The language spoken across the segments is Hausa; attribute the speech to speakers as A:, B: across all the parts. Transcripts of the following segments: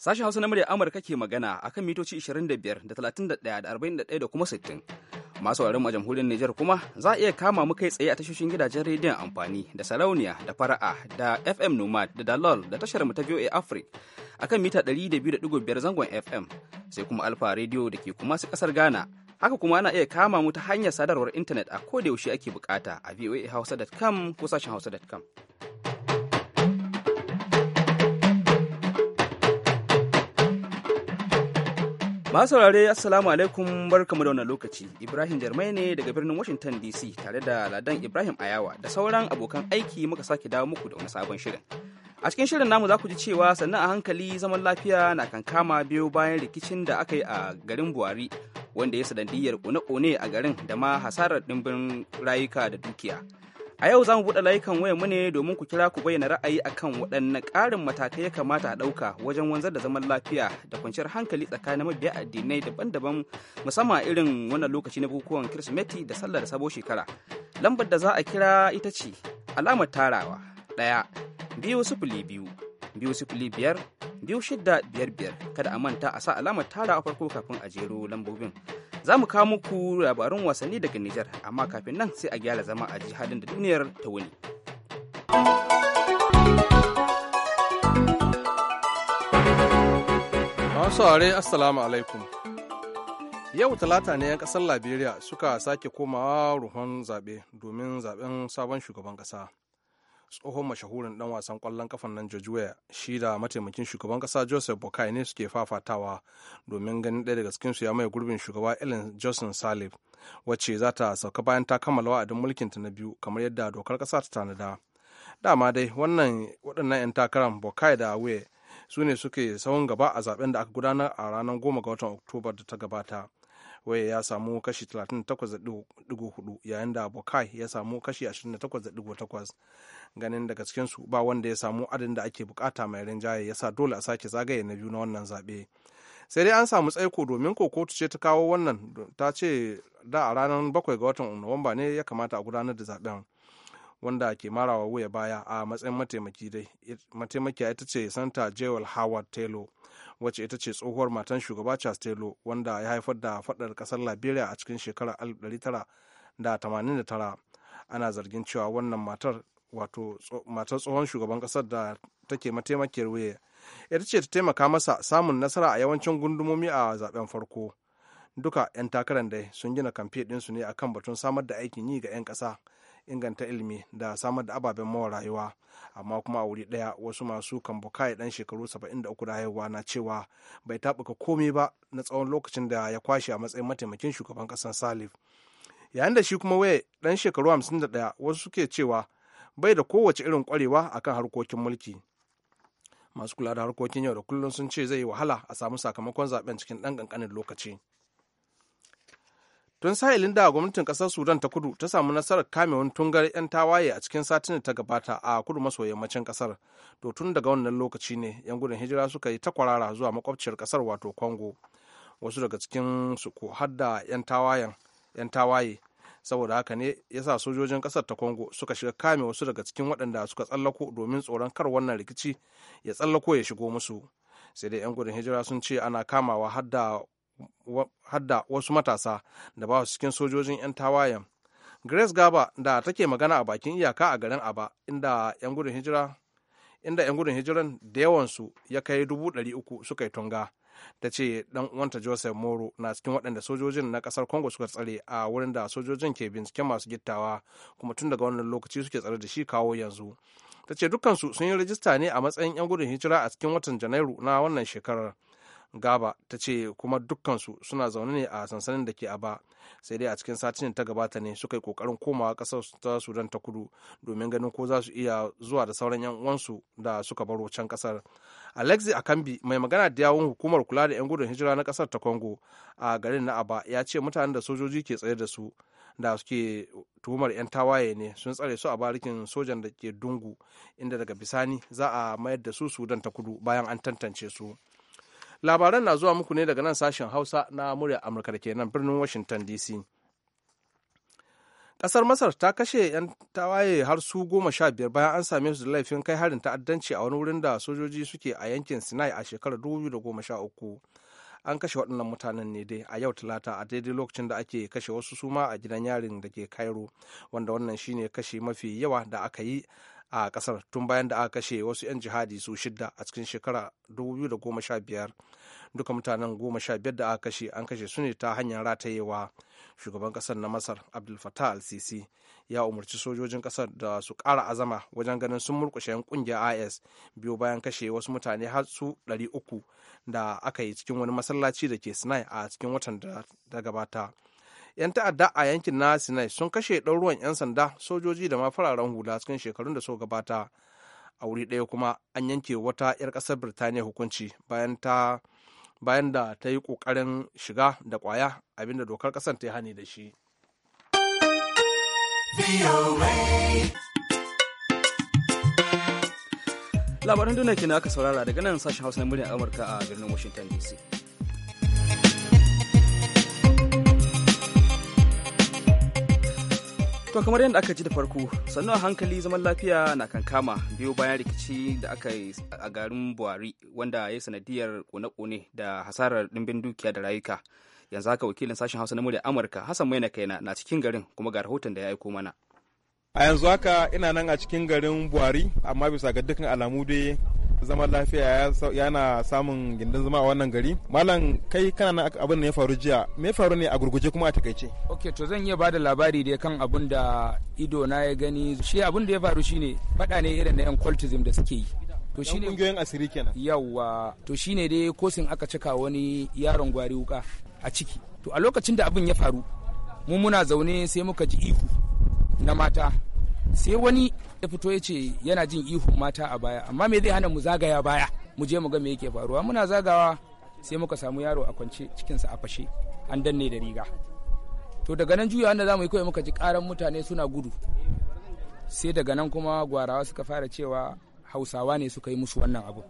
A: Sashen Hausa na murya Amurka ke magana a kan mitoci 25 da 31 da 41 da kuma 60. Masu wararin a jamhuriyar Nijar kuma za a iya kama mu kai tsaye a tashoshin gidajen rediyon amfani da sarauniya da fara'a da FM Nomad da Dalol da tashar mu ta VOA Africa kan mita 200.5 zangon FM sai kuma Alfa Radio da ke kuma su kasar Ghana. Haka kuma ana iya kama mu ta hanyar sadarwar intanet a yaushe ake bukata a voahausa.com ko sashen hausa.com. Masu saurare Assalamu alaikum barkamu da wannan lokaci. Ibrahim Jarmai ne daga birnin Washington DC tare da Ladan Ibrahim Ayawa da sauran abokan aiki muka sake dawo muku da wani sabon shirin. A cikin shirin namu za ku ji cewa sannan a hankali zaman lafiya na kankama biyo bayan rikicin da aka yi a garin Buhari wanda ya sanadiyyar kone-kone a garin da ma hasarar dimbin rayuka da dukiya. A yau za mu buɗe layukan waya mu ne domin ku kira ku bayyana ra'ayi a kan waɗanne ƙarin matakai ya kamata a ɗauka wajen wanzar da zaman lafiya da kwanciyar hankali tsakanin mabiya addinai daban-daban musamman a irin wannan lokaci na bukukuwan Kirsimeti da sallar sabo shekara. Lambar da za a kira ita ce alamar tarawa ɗaya biyu sifili biyu biyu sifili biyar biyu shidda biyar biyar kada a manta a sa alamar tarawa farko kafin a jero lambobin. Za mu kawo muku labarun wasanni daga Nijar, amma kafin nan sai a gyara zama a jihadin da duniyar ta wuni.
B: Masu aure Assalamu alaikum. Yau talata ne 'yan ƙasar Liberia suka sake komawa ruhon zaɓe domin zaɓen sabon shugaban ƙasa. tsohon mashahurin dan wasan kwallon kafan nan George shi da mataimakin shugaban kasa Joseph Bokai ne suke fafatawa domin ganin ɗaya daga su ya mai gurbin shugaba Ellen Johnson Salif wacce za ta sauka bayan ta kammala wa'adin ta na biyu kamar yadda dokar kasa ta tanada. Dama dai wannan waɗannan 'yan takaran Bokai da Awe su ne suke sahun gaba a zaben da aka gudanar a ranar goma ga watan Oktoba da ta gabata. waya ya samu kashi 38.4 yayin da bokai ya samu kashi 28.8 ganin daga su ba wanda ya samu adin da ake bukata mai rinjaye ya sa dole a sake zagaye na biyu na wannan zaɓe sai dai an samu tsaiko domin ko kotu ce ta kawo wannan ta ce da a ranar 7 ga watan nuwamba ne ya kamata a gudanar da zaben wanda ke marawa wuya baya a matsayin mataimaki dai mataimakiya ita ce santa jewel howard taylor wacce ita ce tsohuwar matan shugaba Castello wanda ya haifar da fadar kasar Liberia a cikin shekarar 1989 ana zargin cewa wannan matar wato matar tsohon shugaban kasar da take mataimakiyar wuya ita ce ta taimaka masa samun nasara a yawancin gundumomi a zaben farko duka 'yan takarar da sun gina kamfe ɗinsu ne akan batun samar da aikin yi ga 'yan ƙasa inganta ilimi da samar da ababen mawa rayuwa amma kuma a wuri ɗaya wasu masu kan kambukai ɗan shekaru 73 da haihuwa na cewa bai taɓuka komai ba na tsawon lokacin da ya kwashe a matsayin mataimakin shugaban ƙasar salif yayin da shi kuma waye ɗan shekaru 51 wasu suke cewa bai da kowace irin kwarewa akan harkokin mulki masu kula da harkokin yau da kullum sun ce zai yi wahala a samu sakamakon zaben cikin ɗan ƙanƙanin lokaci. tun sa'ilin da gwamnatin kasar sudan ta kudu ta samu nasarar kame wani tungar 'yan tawaye a cikin satin da ta gabata a kudu maso yammacin kasar to tun daga wannan lokaci ne 'yan gudun hijira suka yi ta kwarara zuwa makwabciyar kasar wato congo wasu daga cikin su ko har 'yan tawayen 'yan tawaye saboda haka ne ya sa sojojin kasar ta kongo suka shiga kame wasu daga cikin waɗanda suka tsallako domin tsoron kar wannan rikici ya tsallako ya shigo musu sai dai 'yan gudun hijira sun ce ana kamawa har hadda wasu matasa da ba su cikin sojojin 'yan tawayen grace gaba da take magana a bakin iyaka a garin aba inda 'yan gudun hijira inda 'yan gudun hijiran da yawansu ya kai dubu ɗari uku suka yi tunga ta ce dan wanta joseph moro na cikin waɗanda sojojin na ƙasar congo suka tsare a wurin da sojojin ke binciken masu gittawa kuma tun daga wannan lokaci suke tsare da shi kawo yanzu ta ce dukkansu sun yi rajista ne a matsayin 'yan gudun hijira a cikin watan janairu na wannan shekarar gaba ta ce kuma dukkansu suna zaune ne a sansanin da ke aba sai dai a cikin satin ta gabata ne suka yi kokarin komawa kasar ta sudan ta kudu domin ganin ko za su iya zuwa da sauran yan uwansu da suka baro can kasar alexi akambi mai magana da yawun hukumar kula da yan gudun hijira na kasar ta congo a garin na aba ya ce mutanen da sojoji ke tsaye da su da suke tuhumar 'yan tawaye ne sun tsare su a barikin sojan da ke dungu inda daga bisani za a mayar da su sudan ta kudu bayan an tantance su. labaran na zuwa muku ne daga nan sashen hausa na murya amurka da ke nan birnin washington dc Ƙasar masar ta kashe 'yan tawaye har su goma sha biyar bayan an same su da laifin kai harin ta'addanci a wani wurin da sojoji suke a yankin sinai a shekarar 2013 an kashe waɗannan mutanen ne dai a yau talata a daidai lokacin da ake kashe wasu suma a gidan yarin da ke cairo wanda wannan shine kashe mafi yawa da aka yi a kasar tun bayan da aka kashe wasu 'yan jihadi su shidda a cikin shekara 2015 duka mutanen 15 da aka kashe an kashe su ne ta hanyar ratayewa shugaban kasar na masar abdul fatah al-sisi ya umarci sojojin kasar da su kara azama wajen ganin sun murkushe 'yan kungiyar is biyu bayan kashe wasu mutane har su 300 da aka yi cikin wani masallaci da ke sinai a cikin watan da gabata. 'yan ta'adda a yankin na sinai sun kashe ɗaruruwan 'yan sanda sojoji da ma fararen hula cikin shekarun da suka gabata a wuri ɗaya kuma an yanke wata 'yar ƙasar birtaniya hukunci bayan ta bayan da ta yi ƙoƙarin shiga da ƙwaya abinda dokar ƙasar ta yi hani da shi
A: labaran duniya kenan aka saurara daga nan sashen hausa na muryar amurka a birnin washington dc To kamar yadda aka ji da farko, sannu a hankali zaman lafiya na kankama biyu bayan rikici da aka yi a garin Buhari wanda ya yi sanadiyar kone-kone da hasarar ɗimbin dukiya da rayuka. Yanzu haka wakilin sashen Hausa na murya Amurka Hassan Maina kaina na cikin garin kuma ga rahoton
C: da ya aiko mana. A yanzu haka ina nan a cikin garin Buhari amma bisa ga dukkan alamu dai zaman lafiya yana samun gindin zama a wannan gari malam kai kana nan abin da ya faru jiya me faru ne a gurguje kuma a takaice
A: ok to zan iya bada labari da kan abin da ido na ya gani shi abin da ya faru shine fada ne irin na yan cultism da suke yi to shine kungiyoyin asiri kenan yawa to shine dai kosin aka cika wani yaron gwari wuka a ciki to a lokacin da abin ya faru mu muna zaune sai muka ji ihu na mata sai wani ya fito ya ce yana jin ihu mata a baya amma me zai hana mu zagaya baya mu je mu ga me yake faruwa muna zagawa sai muka samu yaro a kwance cikinsa a fashe an danne da riga to daga nan juya wanda zamu yi kawai muka ji karan mutane suna gudu sai daga nan kuma gwarawa suka fara cewa hausawa ne suka yi musu wannan abu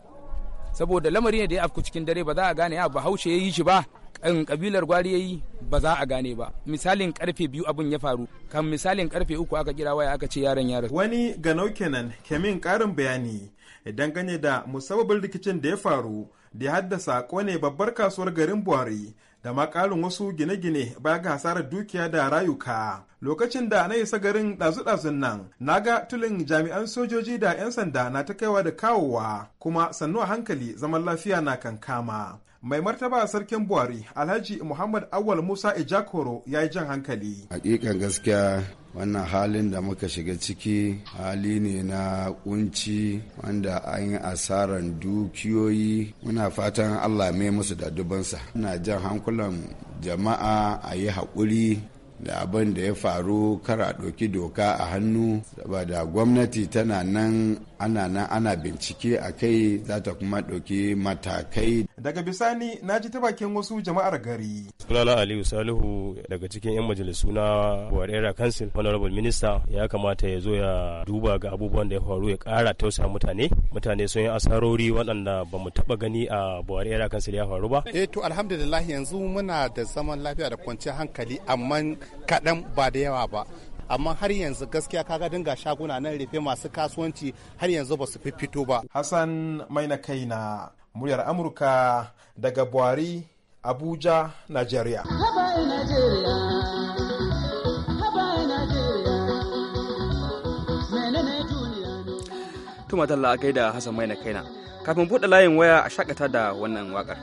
A: saboda lamari ne da ya afku cikin dare ba za a gane ya ba haushe ya yi shi
C: ba kabilar gwari yayi ba za a gane ba misalin karfe biyu abin ya faru kan misalin karfe uku aka kira waya aka ce yaron yaron wani ganau kenan kemin karin bayani gane da musabbabin rikicin da ya faru da ya haddasa kone babbar kasuwar garin buhari da ma wasu gine-gine baya ga hasarar dukiya da rayuka. Lokacin da na isa garin ɗazu-ɗazun nan, na ga tulin jami'an sojoji da 'yan sanda na ta kaiwa da kawowa, kuma sannu a hankali zaman lafiya na kankama. mai martaba sarkin buhari alhaji muhammad awal musa ijakoro ya yi jan hankali hakikan gaskiya wannan halin da muka shiga ciki hali ne na kunci wanda an yi asarar dukiyoyi muna fatan allah mai musu da dubansa ina jan hankulan jama'a a yi haƙuri da abin da ya faru kara a ɗauki doka a hannu saboda gwamnati tana nan ana nan ana bincike a kai za ta kuma ɗauki matakai daga bisani na ji ta bakin wasu jama'ar gari Sulala aliyu salihu daga cikin yan majalisu na warera council
D: honorable minister ya kamata ya zo ya duba ga abubuwan da ya faru ya ƙara tausa mutane
C: mutane sun yi asarori waɗanda ba mu taɓa gani a warera council ya faru ba eh to alhamdulillah yanzu muna da zaman lafiya da kwanciyar hankali amma kaɗan ba da yawa ba amma har yanzu gaskiya kaga dinga shaguna nan rufe masu kasuwanci har yanzu ba su fito ba hassan mai na kai muryar amurka daga buhari abuja nigeria tumatalla a da
A: hassan mai na kaina kafin buɗe layin waya a shakata da wannan wakar.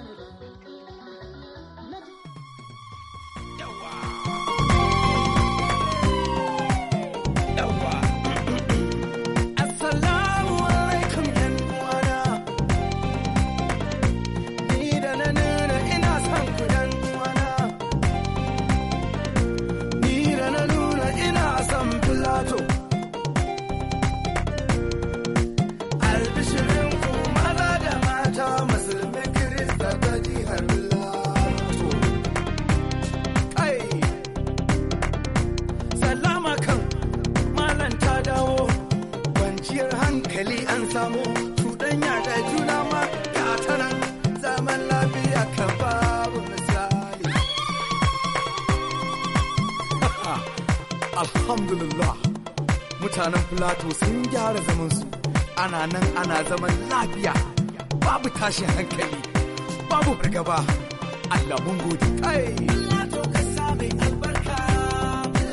E: plato sun gyara zaman su ana nan ana zaman lafiya babu tashin hankali babu fargaba Allah mun gode kai plato ka same albarka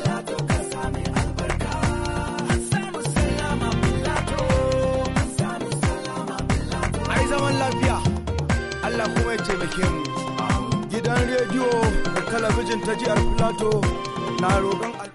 E: plato ka same albarka an samu salama plato samu salama plato ai zaman lafiya Allah kuma ya taimake mu gidan rediyo da talabijin ta jihar plato na roƙon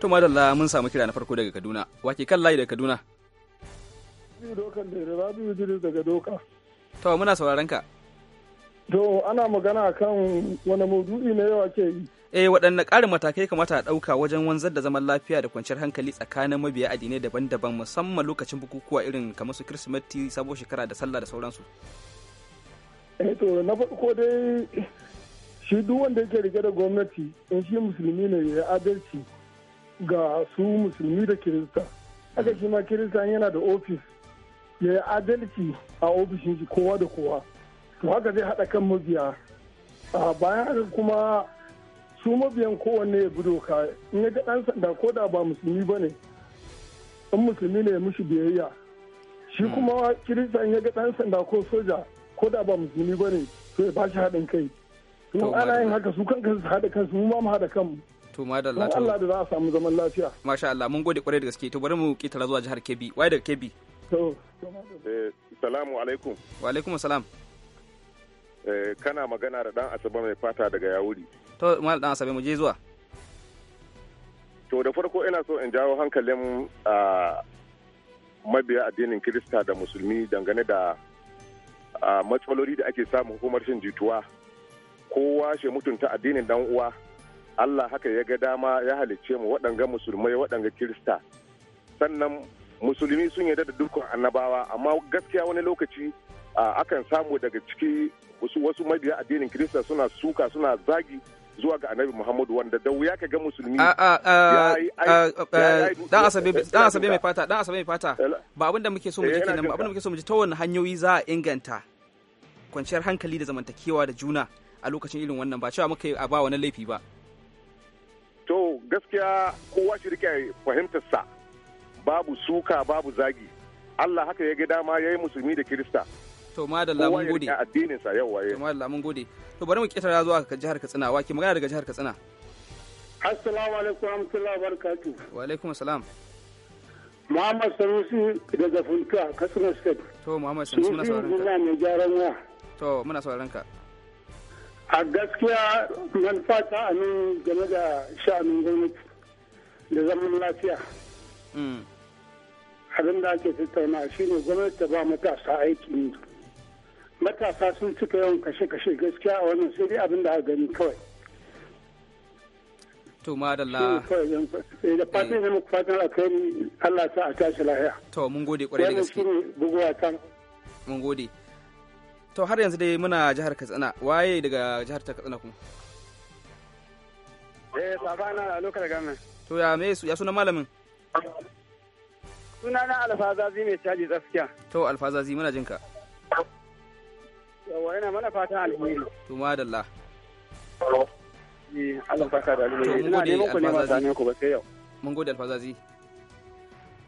A: to madalla mun samu kira na farko daga kaduna wake kan layi daga kaduna daga doka to muna sauraron ka
F: to ana magana kan wani maudu'i na yawa ke yi
A: eh waɗanne ƙarin matakai kamata a ɗauka wajen wanzar da zaman lafiya da kwanciyar hankali tsakanin mabiya addinai daban-daban musamman lokacin bukukuwa irin kamar su kirsimeti sabon shekara da sallah da sauransu
F: eh to na farko dai shi duk wanda yake rike da gwamnati in shi musulmi ne ya adalci ga su musulmi da kirista haka shi ma kirista yana da ofis ya yi adalci a ofishin shi kowa da kowa to haka zai haɗa kan mabiya A bayan haka kuma su mabiyan kowanne ya bi doka in ya ga ɗan sanda ko da ba musulmi ba ne in musulmi ne ya mushi biyayya shi hmm. kuma kirista in ya ga ɗan sanda ko soja ko da ba musulmi ba ne to ya ba shi haɗin kai to ana yin haka su kanka su haɗa kansu mu ma mu haɗa kanmu
A: To madalla to. Allah
F: da za a samu zaman lafiya.
A: Masha Allah mun gode kwarai da gaske to bari mu kitara zuwa jihar Kebbi. Wai daga Kebbi. To.
F: Eh, salamu alaikum. Wa alaikum salam. Eh, kana magana da dan Asabe mai fata daga Yawuri.
A: To mal dan Asabe mu je zuwa.
F: To da farko ina so in jawo hankalin mabiya addinin Kirista da Musulmi dangane da matsaloli da ake samu hukumar shin jituwa kowa shi mutunta addinin dan uwa Allah haka ya ga dama ya halicce mu waɗanga musulmai waɗanga kirista sannan musulmi sun yarda da dukkan annabawa amma gaskiya wani lokaci akan samu daga ciki wasu mabiya addinin kirista suna suka suna zagi zuwa ga annabi muhammadu wanda da wuya ka ga musulmi dan asabe mai
A: fata dan asabe mai fata ba abin da muke so mu ji eh, kenan ba abin da muke so mu ji ta wani hanyoyi za a inganta kwanciyar hankali da zamantakewa da juna a lokacin irin wannan ba cewa muka yi a ba wani laifi ba
F: To gaskiya kowa shi rike fahimtarsa babu suka babu zagi. Allah haka ya ga dama ya yi musulmi da Kirista.
A: To madalla mun gode. Kowa
F: addinin sa yau waye. Eh. To madalla mun gode.
A: To bari mu ketara zuwa ga jihar Katsina. Wa ke magana daga jihar Katsina?
F: Assalamu alaikum wa rahmatullahi Wa alaikum assalam. Muhammad Sanusi daga Funtuwa, Katsina State. To Muhammad Sanusi muna sauraron ka. mai
A: To muna sauraron ka.
F: a gaskiya manufa ta anin game da sha'anin gwamnati da zaman lafiya mm. abin da ake tattauna shine gwamnati ta ba matasa aiki ne matasa sun cika yawan kashe-kashe gaskiya a wannan sai dai abin da aka gani kawai
A: To madalla.
F: Eh, da fatan mm. ne muku fatan kai Allah sa a tashi lahiya. To mun gode kwarai da gaske. Wannan shine bugowa
A: Mun gode. to har yanzu dai muna jihar katsina waye daga jihar ta katsina kuma
D: eh baba na a lokacin gamin
A: to ya me ya suna malamin
D: suna na alfazazi mai caji tsaskiya
A: to alfazazi muna jinka
D: yawa yana mana fata alheri to madalla eh, Allah faka da alheri ina neman ku ne ba sai yau mun
A: gode alfazazi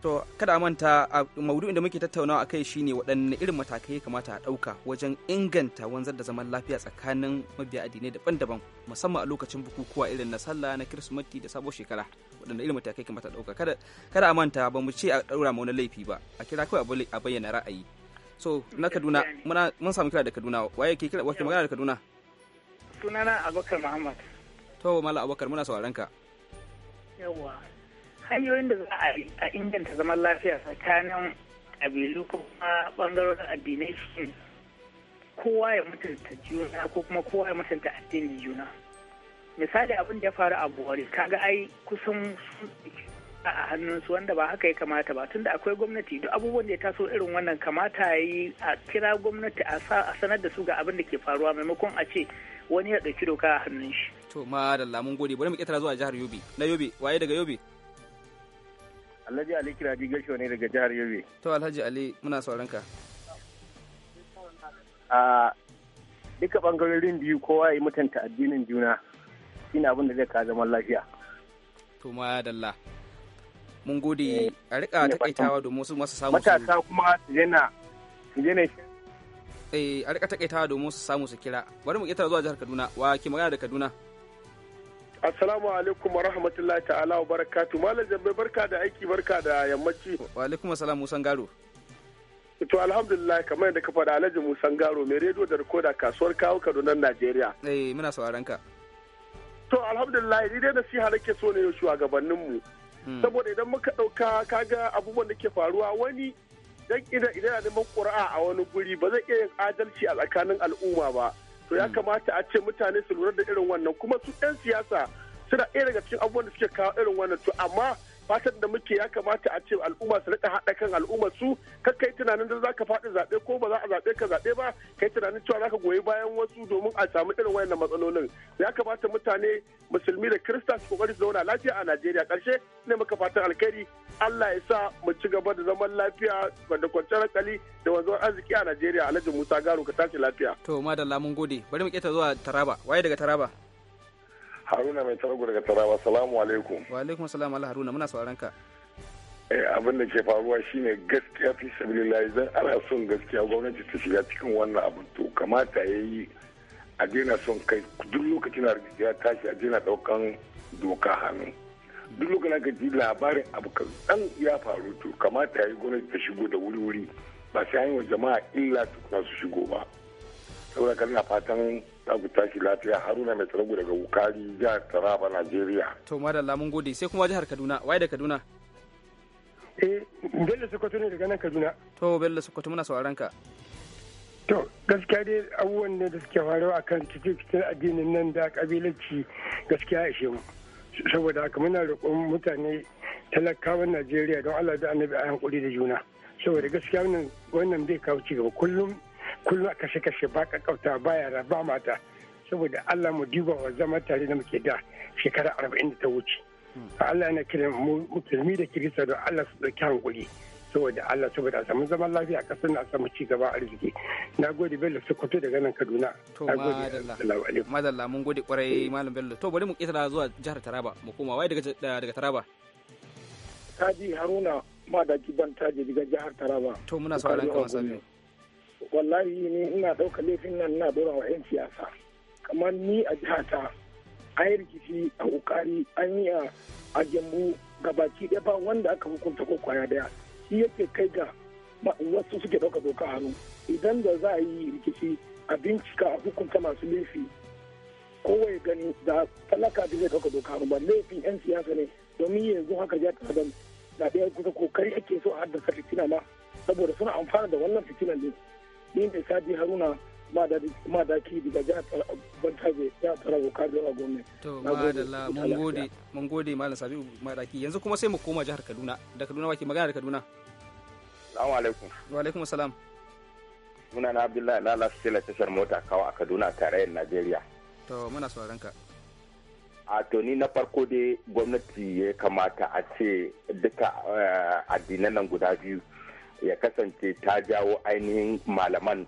A: to kada manta a maudu'in da muke tattaunawa a kai shine waɗanne irin matakai kamata a ɗauka wajen inganta wanzar da zaman lafiya tsakanin mabiya addinai daban-daban musamman a lokacin bukukuwa irin na sallah na kirsimati da sabo shekara waɗanne irin matakai kamata a ɗauka kada a manta ba mu ce a ɗaura ma wani laifi ba a kira kawai a bayyana ra'ayi so na kaduna mun samu kira da kaduna waye ke kira wace magana da kaduna
E: sunana abubakar
F: muhammad
A: to mala abubakar muna sauraron ka
E: yawwa hanyoyin da za a inganta zaman lafiya tsakanin kabilu ko kuma bangarorin addinai shi kowa ya mutunta juna ko kuma kowa ya mutunta addinin juna misali abin da ya faru a buhari kaga ai kusan a hannunsu wanda ba haka ya kamata ba tunda akwai gwamnati duk abubuwan da ya taso irin wannan kamata ya yi a kira gwamnati a sanar da su ga abin da ke faruwa maimakon a ce wani ya ɗauki doka a hannun shi.
A: to ma da lamun gode bari mu ƙetara zuwa jihar yobe na yobe waye daga yobe.
D: Alhaji Ali Kiraji Gasho ne daga jihar Yobe.
A: To Alhaji Ali muna sauran ka.
D: A duka bangarorin biyu kowa ya mutunta addinin juna shine abin da zai ka zaman lafiya.
A: To ma dalla. Mun gode eh, a rika takaitawa domin wasu masu samu matasa
D: kuma su yana su
A: eh a rika takaitawa domin su samu su kira. Bari mu ƙetare zuwa jihar Kaduna. Wa ke magana da Kaduna?
F: Assalamu alaikum wa rahmatullahi ta'ala wa barakatu. Malam Jambe barka da aiki barka da yammaci.
A: Wa alaikum assalam Musan Garo.
F: To alhamdulillah kamar yadda ka faɗa Alhaji Musan Garo mai rediyo da rikoda kasuwar kawo Kaduna Najeriya.
A: Eh muna sauraron ka.
F: To alhamdulillah ni dai nasiha nake so ne shugabannin mu. Hmm. Saboda idan muka ɗauka kaga abubuwan da ke faruwa wani dan idan idan neman ƙura'a a wani guri ba zai iya yin adalci a tsakanin al'umma ba. to ya kamata a ce mutane su lura da irin wannan kuma su 'yan siyasa suna ɗaya daga cikin abubuwan da suke kawo irin wannan to amma fatan da muke ya kamata a ce al'umma su rika haɗa kan al'umma su kar kai tunanin da zaka faɗi zaɓe ko ba za a zaɓe ka zaɓe ba kai tunanin cewa zaka goyi bayan wasu domin a samu irin wayannan matsalolin ya kamata mutane musulmi da kirista su kokari su zauna lafiya a Najeriya ƙarshe ne muka fatan alkhairi Allah ya sa mu ci gaba da zaman lafiya da kwanciyar hankali da wanzuwar arziki a Najeriya Alhaji Musa Garo ka tashi lafiya
A: to madalla mun gode bari mu keta zuwa Taraba waye daga Taraba
F: haruna mai targo daga tarawa salamu alaikum
A: wa alaikum salamu ala haruna muna sauran ka
F: eh, abin da ke faruwa shine gaskiya fi sabilillahi zan ana son gaskiya gwamnati ta shiga cikin wannan abin to kamata ya yi a daina son kai duk lokacin da ya tashi a daina daukan doka hannu duk lokacin ka ji labarin abu ka dan ya faru to kamata ya yi gwamnati ta shigo da wuri-wuri ba sai an yi wa jama'a illa tukuna su shigo ba saboda kana fatan za ku tashi lafiya haruna mai tsaro daga wukari jihar taraba najeriya
A: to madalla mun gode sai kuma jihar kaduna waye da kaduna eh bello sokoto ne daga nan kaduna to bello sokoto muna sauraron ka
F: to gaskiya dai abubuwan da suke faruwa akan cikin addinin nan da kabilanci gaskiya ishe mu saboda haka muna roƙon mutane
D: talakawan najeriya don allah da annabi a hankuli da juna saboda gaskiya wannan zai kawo cigaba kullum kullum a kashe kashe ba kakauta ba yara ba mata saboda Allah mu duba wa zama tare da muke da shekara arba'in da ta wuce hmm. Allah yana kira musulmi da kirista don Allah su ɗauki hankuli saboda Allah saboda a samu zaman lafiya a kasar a samu ci gaba arziki na gode bello sokoto daga nan kaduna to
A: madalla mun gode kwarai malam bello to bari mu ketara zuwa jihar taraba mu koma wai daga taraba
F: kadi haruna ma da gidan taji daga jihar taraba to muna sauraron ka masabi wallahi ni ina ɗauka laifin nan na dora wa 'yan siyasa kamar ni a jihata an yi rikici a ukari an yi a ga gabaki ɗaya ba wanda aka hukunta ko kwaya daya shi yake kai ga wasu suke ɗauka doka hannu idan da za a yi rikici a bincika a hukunta masu laifi kowai gani da talaka da zai ɗauka doka hannu ba laifin 'yan siyasa ne domin yanzu haka ya ta adam da ɗaya kusa kai ake so a haddasa fitina ma saboda suna amfana da wannan fitinan ne ni ne sadi haruna madaki daga jihar bantaje ya tara bukari a gome
D: to madalla mun gode
A: mun gode malam sabi madaki yanzu kuma sai mu koma jihar kaduna da kaduna wake magana da kaduna salamu alaikum wa alaikum salam
D: muna na abdullahi lala sila tashar mota kawo a kaduna tarayyar najeriya
A: to muna sauran ka
D: a to ni na farko dai gwamnati ya kamata a ce duka eh, addinan nan guda biyu ya kasance ta jawo ainihin malaman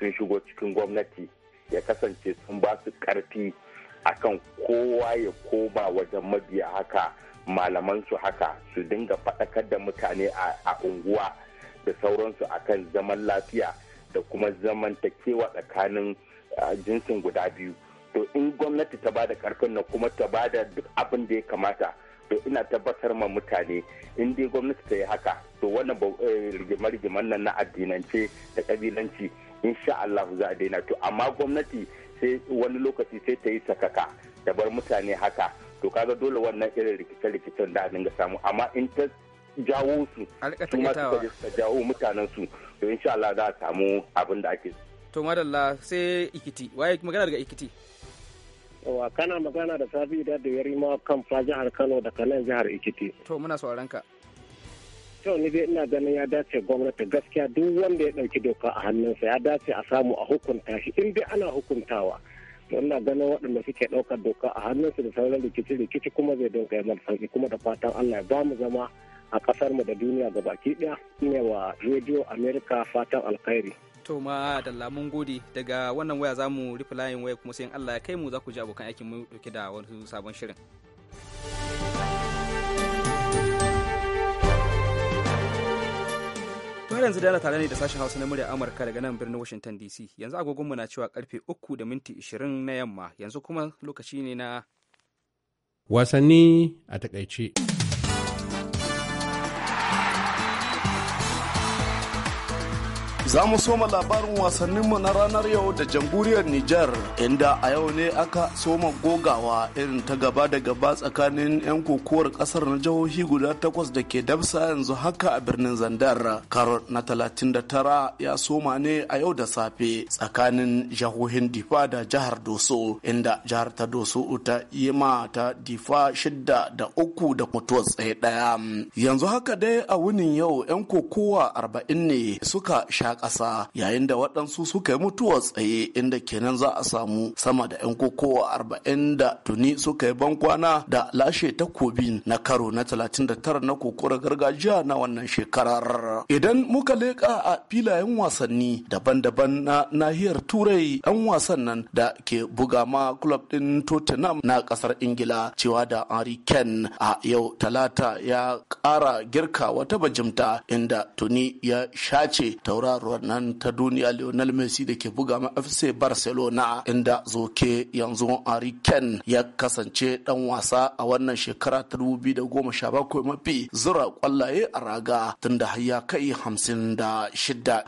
D: sun shigo cikin gwamnati ya kasance sun ba su karfi akan kowa ya koma wajen mabiya haka malamansu haka su dinga faɗakar da mutane a unguwa da sauransu akan zaman lafiya da kuma zaman zamantakewa tsakanin jinsin guda biyu to in gwamnati ta ba da karfin na kuma ta ba da duk abin da ya kamata to ina tabbatar ma mutane in dai gwamnati ta yi haka to wannan eh, rigimar-rigimar nan na addinance da kabilanci insha Allah za a daina to amma gwamnati sai wani lokaci sai ta yi sakaka da bar mutane haka to kaga dole wannan irin rikice-rikicen da a dinga samu amma in ta jawo su su ma jawo mutanen su to insha Allah za a samu abin da ake
A: to madalla sai ikiti waye magana daga ikiti
D: wa kana magana da safi da da ma kan jihar Kano da kanan jihar Ikiti to muna sauran ka to ni dai ina ganin ya dace gwamnati gaskiya duk wanda ya ɗauki doka a hannunsa ya dace a samu a hukunta shi in dai ana hukuntawa to ina ganin waɗanda suke ɗaukar doka a hannunsu da sauran rikici rikici kuma zai dinga yi mana sauki kuma da fatan Allah ya bamu zama a ƙasar mu da duniya gabaki ɗaya ne wa rediyo america fatan alkhairi
A: to ma da lamun gode daga wannan waya za mu rufe layin waya kuma sai Allah ya kai mu za ku ji abokan aikin mu dauke da wani sabon shirin. To har yanzu da tare ne da sashen Hausa na murya Amurka daga nan birnin Washington DC. Yanzu agogonmu na cewa karfe 3 da minti 20 na yamma. Yanzu kuma lokaci ne na
B: wasanni a takaice.
C: Za mu soma
E: labarin wasannin mu na ranar yau da jamhuriyar Nijar, inda a yau ne aka soma gogawa irin ta gaba da gaba tsakanin 'yan kokowar kasar na jihohi guda takwas da ke dabsa yanzu haka a birnin Zandar. Karo na 39 ya soma ne a yau da safe tsakanin jihohin Difa da jihar Doso, inda jihar ta Doso ta ma ta Difa shidda da uku da mutuwar tsaye ɗaya. Yanzu haka dai a wunin yau 'yan kokowa arba'in ne suka shaƙa ƙasa yayin da waɗansu suka yi mutuwa tsaye inda kenan za a samu sama da 'yan kokowa arba'in da tuni suka yi bankwana da lashe takobi na karo na talatin da tara na kokowar gargajiya na wannan shekarar idan muka leƙa a filayen wasanni daban-daban na nahiyar turai 'yan wasan nan da ke buga ma club ɗin tottenham na ƙasar ingila cewa da henry ken a yau talata ya ƙara girka wata bajimta inda tuni ya shace tauraro wannan ta duniya Lionel Messi da ke buga ma FC Barcelona inda zoke yanzu Ari ken ya kasance dan wasa a wannan shekara ta 2017 mafi zura kwallaye a raga tunda har ya kai 56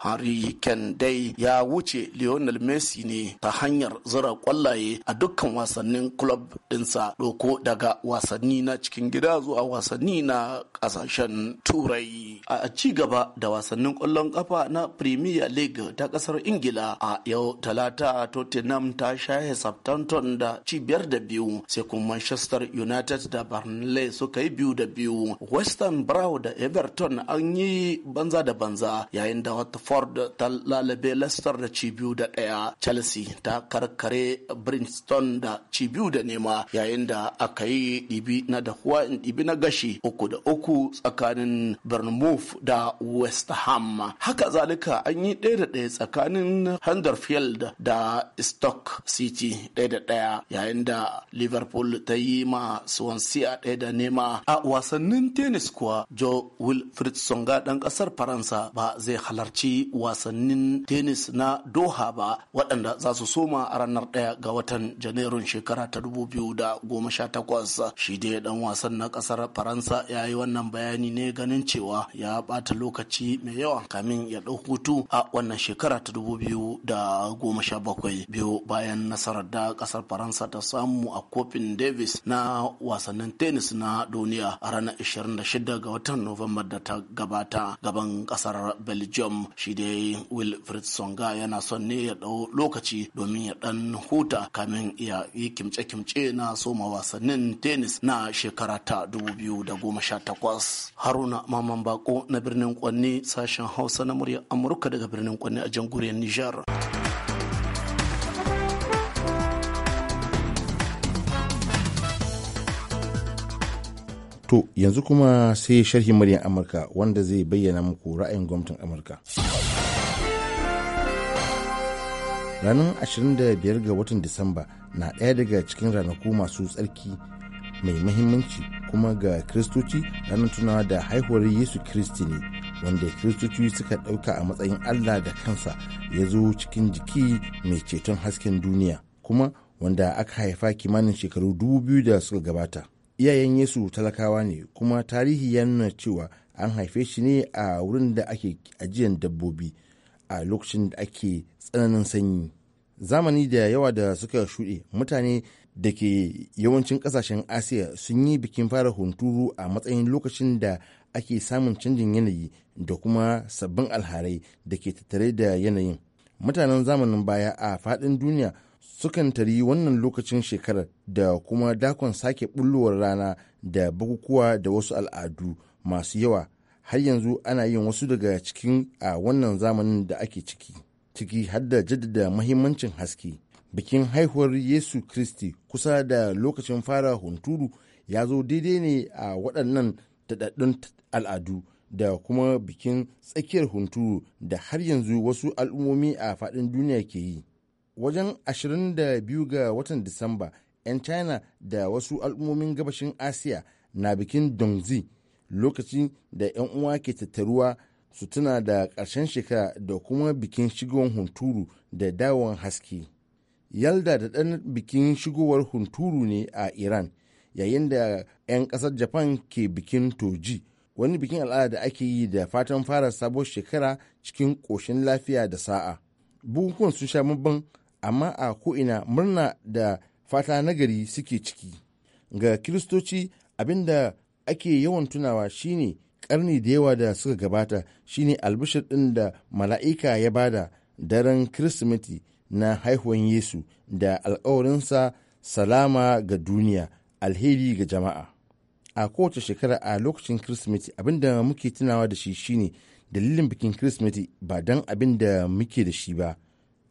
E: Ari ken dai ya wuce Lionel Messi ne ta hanyar zura kwallaye a dukkan wasannin club dinsa doko daga wasanni na cikin gida zuwa wasanni na kasashen turai a ci gaba da wasannin kwallon kafa na Premier Premier League ta kasar Ingila a yau talata Tottenham ta shahe Southampton da ci biyar da biyu sai kuma Manchester United da Burnley suka yi biyu da biyu. Western Brow da Everton an yi banza da banza yayin da Watford ta lalabe Leicester da ci biyu da ɗaya. Chelsea ta karkare Brinston da ci biyu da nema yayin da aka yi ɗibi na da in ɗibi na gashi uku da uku tsakanin Bournemouth da West Ham. Haka zalika an yi ɗaya da ɗaya tsakanin Huddersfield da stock City ɗaya da ɗaya yayin da Liverpool ta yi ma Swansea ɗaya da nema a wasannin tennis kuwa Joe Wilfried Songa ɗan ƙasar Faransa ba zai halarci wasannin tennis na Doha ba waɗanda za su soma a ranar ɗaya ga watan Janairun shekara ta 2018 shi dai ɗan wasan na ƙasar Faransa ya yi wannan bayani ne ganin cewa ya ɓata lokaci mai yawa kamin ya ɗau hutu su a wannan shekara ta dubu biyu da goma sha bakwai biyu bayan nasarar da kasar faransa ta samu a kofin davis na wasannin tennis na duniya a ranar 26 ga watan November da ta gabata gaban kasar belgium shi dai wilfred songa yana son ne ya dau lokaci domin ya dan huta kamin ya yi kimce-kimce na soma wasannin tennis na shekara ta 2018 haruna maman bako na birnin kwanni sashen hausa na murya amur amurka daga birnin kwanne a jamhuriyar nijar
G: to yanzu kuma sai sharhi muryar amurka wanda zai bayyana muku ra'ayin gwamnatin amurka ranar 25 ga watan disamba na ɗaya daga cikin ranaku masu tsarki mai mahimmanci kuma ga kiristoci ranar tunawa da haihuwar yesu kristi ne wanda kiristoci suka ɗauka a matsayin allah da kansa ya zo cikin jiki mai ceton hasken duniya kuma wanda aka haifa kimanin shekaru dubu biyu da suka gabata iyayen yesu talakawa ne kuma tarihi ya nuna cewa an haife shi ne a wurin da ake ajiyan dabbobi a lokacin da ake tsananin sanyi zamani da yawa da suka shuɗe mutane da ke yawancin ƙasashen asiya sun yi bikin fara hunturu a matsayin lokacin da ake samun canjin yanayi da kuma sabbin alharai da ke tattare da yanayin mutanen zamanin baya a faɗin duniya sukan tari wannan lokacin shekarar da kuma dakon sake bullowar rana da bukukuwa da wasu al'adu masu yawa har yanzu ana yin wasu daga cikin a wannan zamanin da ake ciki ciki har da jaddada mahimmancin haske bikin haihuwar yesu kristi kusa da lokacin fara hunturu ya zo daidai ne a waɗannan daɗaɗɗun al'adu da kuma bikin tsakiyar hunturu da har yanzu wasu al'ummomi a faɗin duniya ke yi. Wajen 22 ga watan Disamba, 'yan China da wasu al'ummomin gabashin Asiya na bikin Dongzi lokacin da 'yan uwa ke tattaruwa su tuna da ƙarshen shekara da kuma bikin shigowar hunturu da dawon haske. Yalda da ɗan bikin shigowar hunturu ne a Iran, yayin da 'yan kasar japan ke bikin toji wani bikin al'ada da ake yi da fatan fara sabuwar shekara cikin ƙoshin lafiya da sa'a bukukuwan sun sha mabban amma a ko'ina murna da fata nagari suke ciki ga kiristoci abinda ake yawan tunawa shine karni da yawa da suka gabata shine albishir ɗin da mala'ika ya bada daren kirsimeti na haihuwan yesu da alkawarinsa salama ga duniya alheri ga jama'a a kowace shekara a lokacin kirsimeti abinda muke tunawa da shi shine dalilin bikin kirsimeti ba don abin da muke da shi ba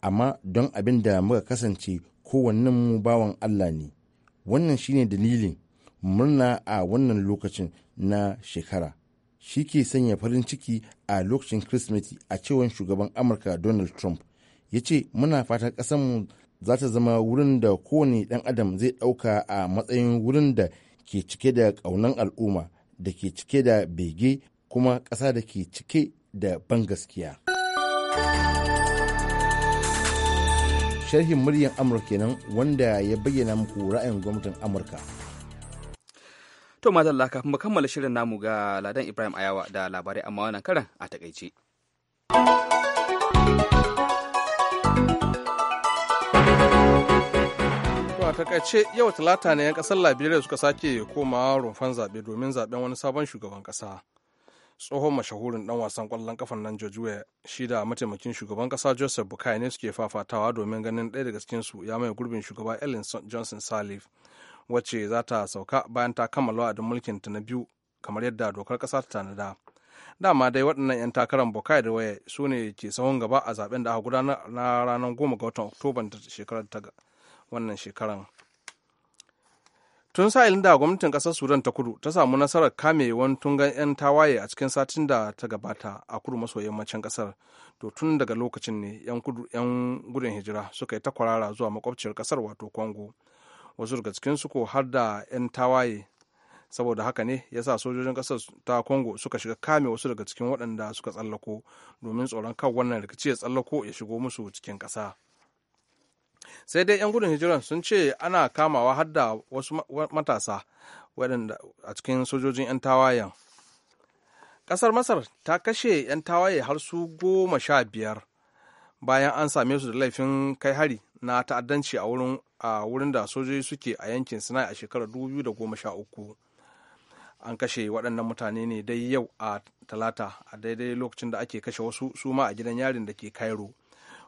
G: amma don abin da muka kasance kowannen mu bawan allah ne wannan shine dalilin murna a wannan lokacin na shekara shi ke sanya farin ciki a lokacin kirsimeti a cewar shugaban amurka donald trump ya ce muna fatan ƙasarmu za ta zama wurin da kowane ɗan adam zai ɗauka a matsayin wurin da ke cike da ƙaunan al'umma da ke cike da bege kuma kasa da ke cike da ban gaskiya. Sharhin muryar Amurka kenan wanda ya bayyana muku ra'ayin gwamnatin Amurka.
A: To mazalla kafin mu kammala shirin namu ga Ladan Ibrahim Ayawa da labarai amma wannan karan a takaice.
B: a takaice yau talata ne 'yan kasar liberia suka sake komawa rumfan zaɓe domin zaɓen wani sabon shugaban ƙasa tsohon mashahurin dan wasan kwallon kafan nan George shi da mataimakin shugaban kasa Joseph Bukai ne suke fafatawa domin ganin ɗaya daga cikin su ya mai gurbin shugaba Ellen Johnson salif wacce za ta sauka bayan ta kammala wa'adin mulkin ta na biyu kamar yadda dokar kasa ta tanada. Dama dai waɗannan 'yan takarar Bukai da waya su ne ke sahun gaba a zaɓen da aka gudanar na ranar goma ga watan Oktoba shekarar ta. wannan shekaran tun sa da gwamnatin kasar sudan ta kudu ta samu nasarar kame wani tungan 'yan tawaye a cikin satin da ta gabata a kudu maso yammacin kasar to tun daga lokacin ne 'yan gudun hijira suka yi ta kwarara zuwa makwabciyar kasar wato congo wasu daga su ko har da 'yan tawaye saboda haka ne ya sa sojojin kasar ta kongo suka shiga kame wasu daga cikin waɗanda suka tsallako domin tsoron kan wannan rikici ya tsallako ya shigo musu cikin ƙasa. sai dai 'yan gudun hijiran sun ce ana kamawa har da wasu matasa waɗanda a cikin sojojin 'yan tawayen ƙasar masar ta kashe 'yan tawaye har su goma sha biyar bayan an same su da laifin kai hari na ta'addanci a wurin da sojoji suke a yankin sinai a shekarar uku an kashe waɗannan mutane ne dai yau a talata a daidai lokacin da ake kashe wasu suma a gidan yarin da ke cairo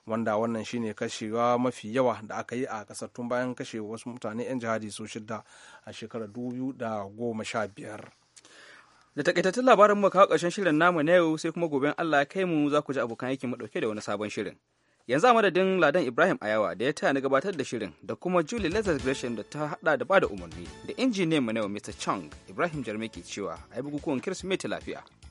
B: wanda wannan shine kashewa mafi yawa da aka yi a kasar tun bayan kashe wasu mutane 'yan jihadi su shida a shekarar dubu da goma sha biyar. da takaitattun
A: labarin mu kawo ƙarshen shirin namu na yau sai kuma gobe Allah ya kai mu za ku ji abokan aikin mu dauke da wani sabon shirin yanzu a madadin ladan ibrahim ayawa da ya taya na gabatar da shirin da kuma julie lezard gresham da ta hada da bada umarni da injiniyan mu na yau mr chang ibrahim jarmai cewa a yi bukukuwan kirsimeti lafiya